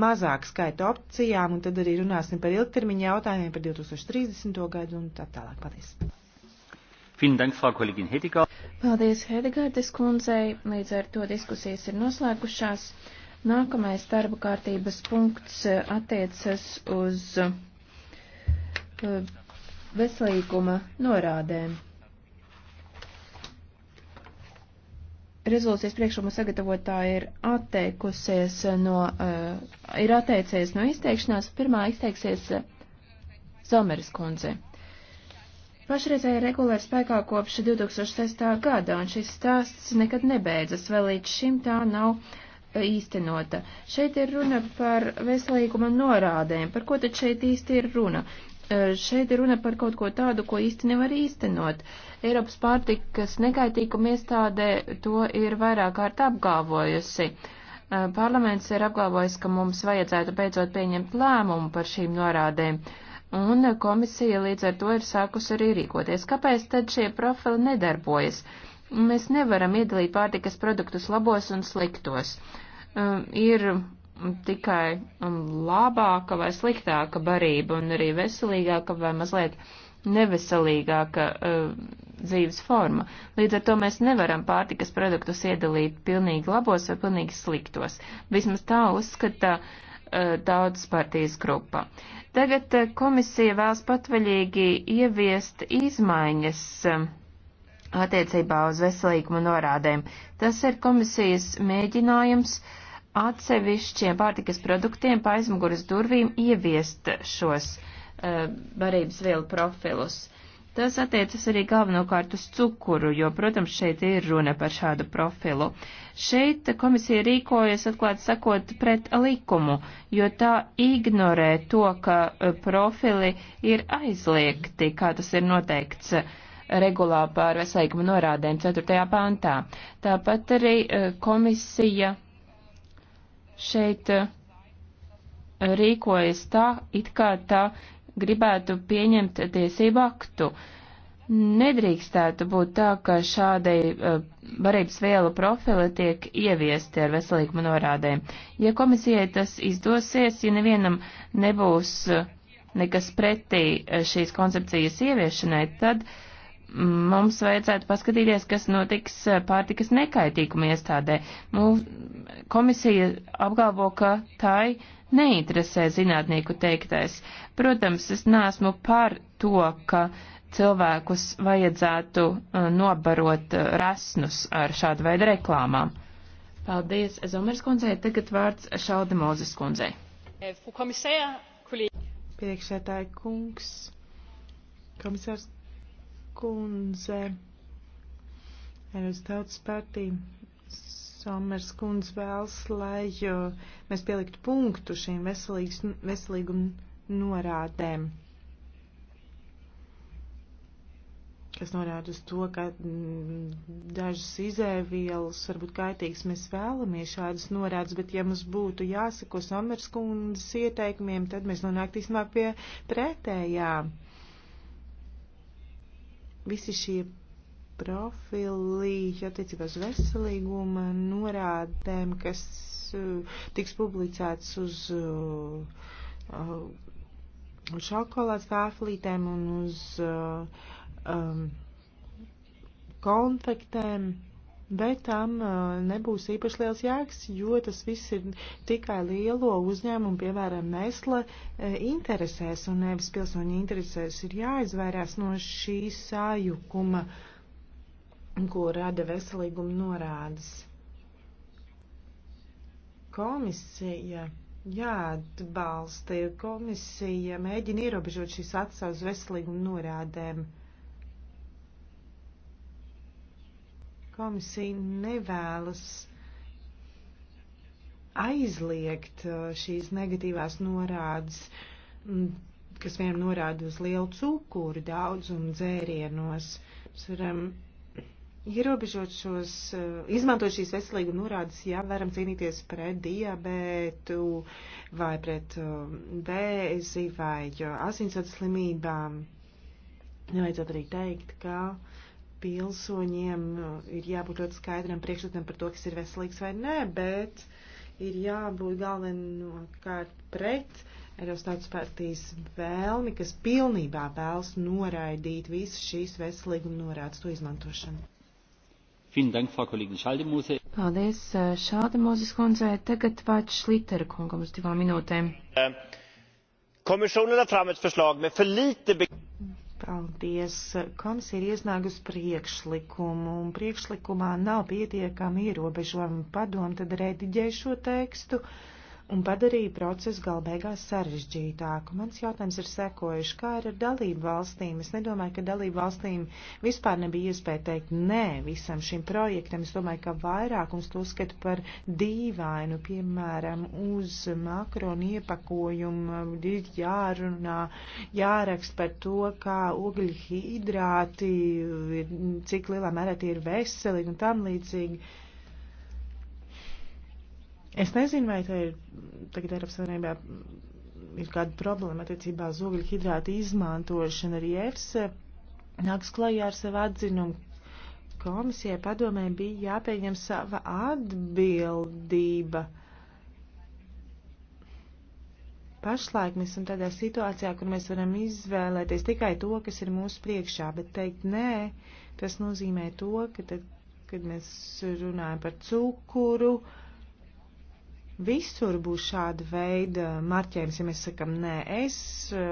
mazāk skaita opcijām, un tad arī runāsim par ilgtermiņa jautājumiem par 2030. gadu un tā tālāk. Paldies! Paldies, Hedegārdes kundzei. Līdz ar to diskusijas ir noslēgušās. Nākamais darba kārtības punkts eh, attiecas uz eh, veselīguma norādēm. rezolūcijas priekšlikuma sagatavotāja ir atteikusies no uh, ir atteicies no izteikšanās. Pirmā izteiksies eh, Zomeres kundze. Pašreizēja regulāra spēkā kopš 2006. gada, un šis stāsts nekad nebeidzas, vēl līdz šim tā nav eh, īstenota. Šeit ir runa par veselīguma norādēm. Par ko tad šeit īsti ir runa? Eh, šeit ir runa par kaut ko tādu, ko īsti nevar īstenot. Eiropas pārtikas nekaitīguma iestādē to ir vairāk kārt apgāvojusi. Uh, Eh, parlaments ir apgalvojis, ka mums vajadzētu beidzot pieņemt lēmumu par šīm norādēm, un komisija līdz ar to ir sākus arī rīkoties. Kāpēc tad šie profili nedarbojas? Mēs nevaram iedalīt pārtikas produktus labos un sliktos. Um, ir tikai um, labāka vai sliktāka barība un arī veselīgāka vai mazliet neveselīgāka uh, dzīves forma. Līdz ar to mēs nevaram pārtikas produktus iedalīt pilnīgi labos vai pilnīgi sliktos. Vismaz tā uzskata uh, eh, daudz partijas grupa. Tagad uh, komisija vēlas patvaļīgi ieviest izmaiņas uh, attiecībā uz veselīgumu norādēm. Tas ir komisijas mēģinājums atsevišķiem pārtikas produktiem pa aizmuguras durvīm ieviest šos uh, barības vielu profilus. Uh, Tas attiecas arī galvenokārt uz cukuru, jo, protams, šeit ir runa par šādu profilu. Šeit komisija rīkojas, atklāt sakot, pret likumu, jo tā ignorē to, ka e, profili ir aizliegti, kā tas ir noteikts e, regulā par veselīgumu norādēm 4. pāntā. Tāpat arī e, komisija šeit rīkojas tā, it kā tā gribētu pieņemt tiesību aktu. Nedrīkstētu būt tā, ka šādai eh, varības vielu profili tiek ieviesti ar veselīgumu norādēm. Ja komisijai tas izdosies, ja nevienam nebūs eh, nekas pretī eh, šīs koncepcijas ieviešanai, tad uh, mums vajadzētu paskatīties, kas notiks pārtikas nekaitīguma iestādē. Mums komisija apgalvo, ka tai neinteresē zinātnieku teiktais. Protams, es neesmu par to, ka cilvēkus vajadzētu uh, nobarot uh, resnus ar šādu veidu reklāmām. Paldies Zomers kundzei, tagad vārds Šalde Mozes kundzei. Eh, Priekšētāji kungs, komisārs kundze, Eiropas tautas partija. Somers kundz vēlas, lai mēs pieliktu punktu šīm veselīguma norādēm, kas norāda uz to, ka mm, dažas izēvielas varbūt kaitīgas mēs vēlamies šādas norādes, bet ja mums būtu jāsako Somers kundzes ieteikumiem, tad mēs nonāktu īstenībā pie pretējā. Visi šie profilī attiecībā uz veselīguma norādēm, kas eh, tiks publicēts eh, uh, uz šokolādes kāflītēm un uz eh, um, konfektēm bet tam nebūs īpaši liels jēgas, jo tas viss ir tikai lielo uzņēmumu, piemēram, Nestle interesēs un nevis pilsoņu interesēs ir jāizvairās no šī sājukuma. Uh, ko rada veselīguma norādes. Komisija jāatbalsta, jo komisija mēģina ierobežot šīs atsauces veselīguma norādēm. Komisija nevēlas aizliegt uh, šīs negatīvās norādes, mm, kas vienam norāda uz lielu cukuru daudzumu dzērienos. Mēs varam um, ierobežot šos, eh, izmantot šīs veselīgu norādes, ja varam cīnīties pret diabētu vai pret eh, vēzi vai eh, asinsvads slimībām. Nevajadzētu arī teikt, ka pilsoņiem ir jābūt ļoti skaidram priekšstatam par to, kas ir veselīgs vai nē, bet ir jābūt galvenokārt pret Eiropas tautas partijas vēlmi, kas pilnībā vēlas noraidīt visu šīs veselīguma norādes to izmantošanu. Paldies šāda eh, mūzes kundzei. Tagad vārds Šlitera kungam uz divām minūtēm. Eh, Paldies. Komisija ir iesnāgus priekšlikumu, un priekšlikumā nav pietiekami ierobežojumi padomu, tad rediģē šo tekstu. Uh, un padarīja procesu gal beigās sarežģītāku. Mans jautājums ir sekojuši, kā ir ar dalību valstīm? Es nedomāju, ka dalību valstīm vispār nebija iespēja teikt nē visam šim projektam. Es domāju, ka vairākums to skatu par dīvainu, piemēram, uz makronu iepakojumu ir jārunā, jāraksta par to, kā ogļu hidrāti, cik lielā mērā tie ir veselīgi un tam līdzīgi. Es nezinu, vai te ir tagad Eiropas Savienībā ir kāda problēma attiecībā uz ogļu hidrātu izmantošanu. Arī EFSA eh, nāks klajā ar savu atzinumu. Komisijai padomē bija jāpieņem sava atbildība. Pašlaik mēs esam tādā situācijā, kur mēs varam izvēlēties tikai to, kas ir mūsu priekšā, bet teikt nē, tas nozīmē to, ka tad, kad mēs runājam par cukuru, uh, Visur būs šāda veida marķējums, ja mēs sakam nē, es eh,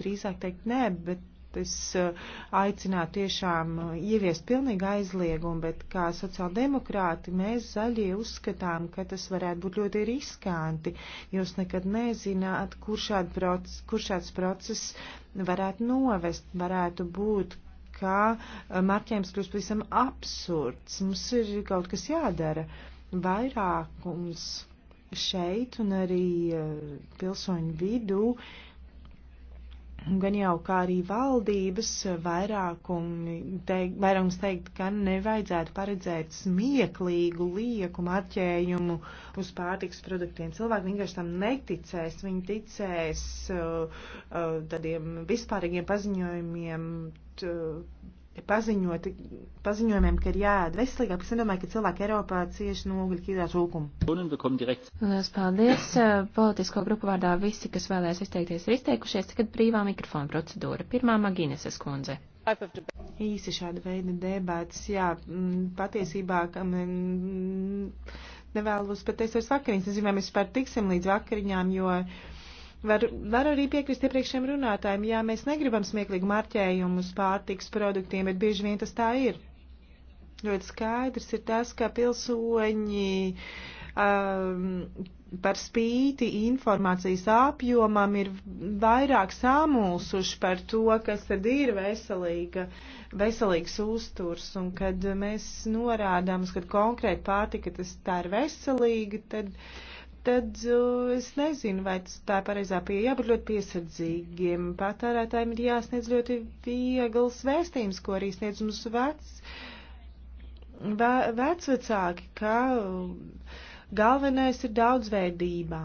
drīzāk teikt nē, bet es eh, aicinātu tiešām eh, ieviest pilnīgi aizliegumu, bet kā sociāldemokrāti mēs zaļie uzskatām, ka tas varētu būt ļoti riskanti. Jūs nekad nezināt, kur, šād proces, kur šāds process varētu novest, varētu būt, ka marķējums kļūst pavisam absurds. Mums ir kaut kas jādara. Vairākums šeit un arī eh, pilsoņu vidū, gan jau kā arī valdības eh, vairākums teikt, vairākums teikt, ka nevajadzētu paredzēt smieklīgu lieku marķējumu uz pārtiks produktiem. Cilvēki vienkārši tam neticēs, viņi ticēs uh, uh, tādiem vispārīgiem paziņojumiem. T, paziņot, paziņojumiem, ka ir jāēd veselīgāk, es nedomāju, ka cilvēki Eiropā cieši no ogļu ķīlā trūkuma. Lielas paldies. Eh, politisko grupu vārdā visi, kas vēlēs izteikties, ir izteikušies. Tagad brīvā mikrofona procedūra. Pirmā Magineses kundze. Īsi šāda veida debats, jā, mm, patiesībā, kam mm, nevēlos pat teikt vairs vakariņas, nezinu, vai mēs vispār tiksim līdz vakariņām, jo. Uh, Var, var arī piekrist iepriekšējiem runātājiem, jā, mēs negribam smieklīgu marķējumu uz pārtiks produktiem, bet bieži vien tas tā ir. Ļoti skaidrs ir tas, ka pilsoņi um, par spīti informācijas apjomam ir vairāk samulsuši par to, kas tad ir veselīga, veselīgs uzturs, un kad mēs norādām, ka konkrēti pārtika tas tā ir veselīga, tad. Uh, tad uh, es nezinu, vai tas tā ir pareizā pieeja. Jābūt ļoti piesardzīgiem. Patērētājiem ir jāsniedz ļoti viegls vēstījums, ko arī sniedz mums vec, ve, vecvecāki, ka uh, galvenais ir daudzveidībā.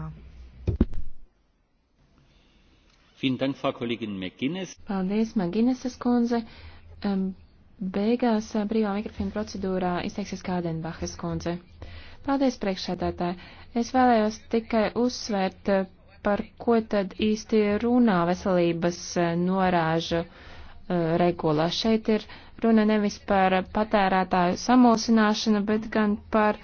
Paldies, Maginesas kundze. Um, beigās uh, brīvā mikrofona procedūrā izteiksies Kādenbahas kundze. Uh, Paldies, priekšsēdētāji. Es vēlējos tikai uzsvērt, eh, par ko tad īsti runā veselības eh, norāžu eh, regulā. Šeit ir runa nevis par patērētāju samulsināšanu, bet gan par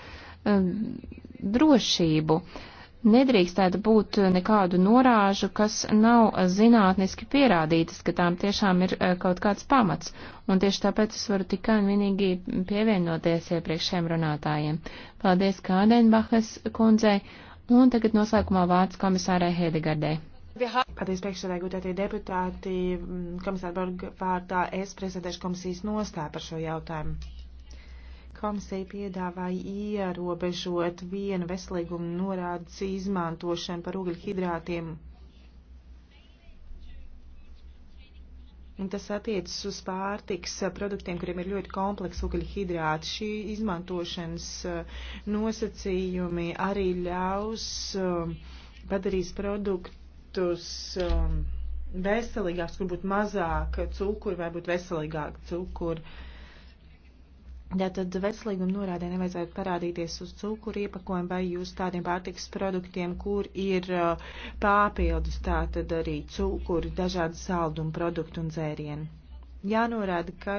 drošību. Uh, nedrīkstētu būt nekādu norāžu, kas nav zinātniski pierādītas, ka tām tiešām ir eh, kaut kāds pamats. Un tieši tāpēc es varu tikai un vienīgi pievienoties iepriekšējiem runātājiem. Paldies Kādenbahas kundzei, un tagad noslēgumā vārds komisārai Hedegardē. Paldies priekšsēdētāji, gudētie deputāti, mm, komisāra Borgvārdā, es prezentēšu komisijas nostāju par šo jautājumu. Komisija piedāvāja ierobežot vienu veselīgumu norādes izmantošanu par ugļhidrātiem. Un tas attiecas uz pārtiks produktiem, kuriem ir ļoti kompleks ugļhidrāti. Šī izmantošanas uh, nosacījumi arī ļaus um, padarīs produktus um, veselīgāks, kur būtu mazāk cukuru vai būtu veselīgāk cukuru. Tātad veselīgam norādē nevajadzētu parādīties uz cukuru iepakojumu vai uz tādiem pārtikas produktiem, kur ir uh, pāpildus, tātad arī cukuri, dažādi saldumu produktu un dzērieni. Jānorāda, ka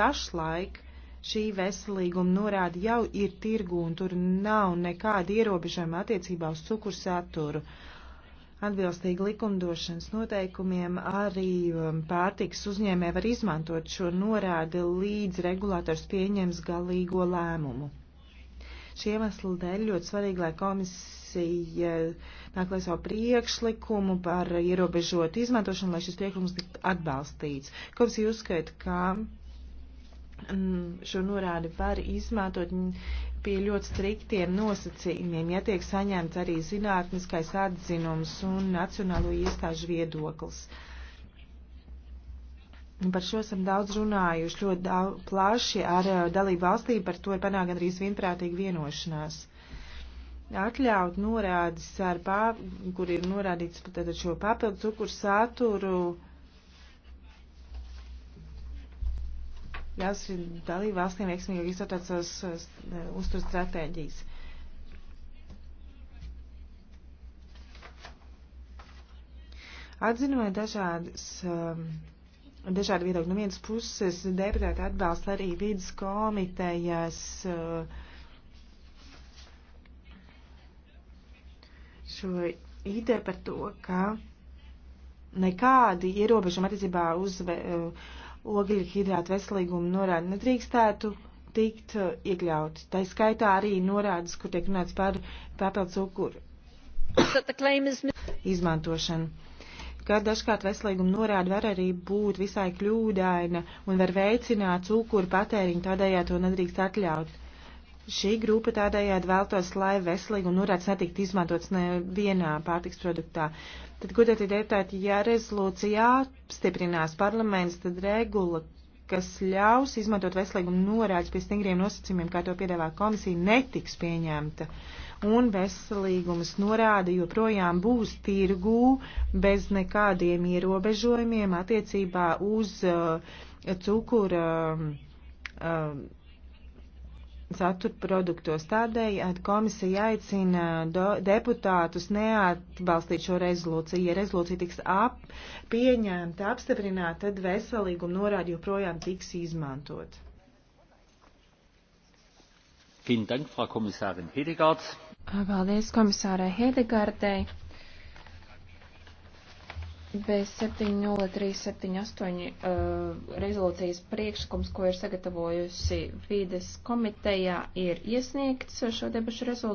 pašlaik šī veselīguma norāda jau ir tirgu un tur nav nekāda ierobežojuma attiecībā uz cukuru saturu. Uh, atbilstīgi likumdošanas noteikumiem arī um, pārtiks uzņēmē var izmantot šo norādi līdz regulators pieņems galīgo lēmumu. Šie iemesli dēļ ļoti svarīgi, lai komisija uh, nāk lai savu priekšlikumu par ierobežotu izmantošanu, lai šis priekšlikums tiktu atbalstīts. Komisija uzskaita, ka mm, šo norādi var izmantot pie ļoti striktiem nosacījumiem, ja tiek saņemts arī zinātniskais atzinums un nacionālo iestāžu viedoklis. Par šo esam daudz runājuši, ļoti daudz, plaši ar eh, dalību valstī, par to ir panākt gandrīz vienprātīgi vienošanās. Atļaut norādes, ar pā, kur ir norādīts tātad šo papildu cukuru saturu, uh, ļaus dalību valstīm veiksmīgi izstrādāt savas eh, uztur stratēģijas. Atzinot dažādas, um, dažādi viedokļi, no nu, vienas puses deputāti atbalsta arī vidas komitejas uh, šo ideju par to, ka nekādi ierobežumi attiecībā uz uh, ogļu hidrātu veselīgumu norādi nedrīkstētu tikt uh, iekļauti. Tā skaitā arī norādes, kur tiek runāts par papildus cukuru izmantošanu. Kad dažkārt veselīguma norāda var arī būt visai kļūdaina un var veicināt cukuru patēriņu, tādējā to nedrīkst atļaut. Šī grupa tādējādi vēltos, lai veselīgi un urāts netiktu izmantots nevienā pārtiks produktā. Tad, gudētie deputāti, ja rezolūcija apstiprinās parlaments, tad regula, kas ļaus izmantot veselīgumu norādes pie stingriem nosacījumiem, kā to piedāvā komisija, netiks pieņemta. Un veselīgumas norāde joprojām būs tirgū bez nekādiem ierobežojumiem attiecībā uz uh, cukura. Um, uh, uh, satura produktos. Tādēļ komisija aicina do, deputātus neatbalstīt šo rezolūciju. Ja rezolūcija tiks ap, pieņemta, apstiprināta, tad veselīguma norāda joprojām tiks izmantot. Dank, Paldies komisārai Hedegardai. B70378 uh, rezolūcijas priekšlikums, ko ir sagatavojusi vīdes komiteja, ir iesniegts šo debašu rezultātu.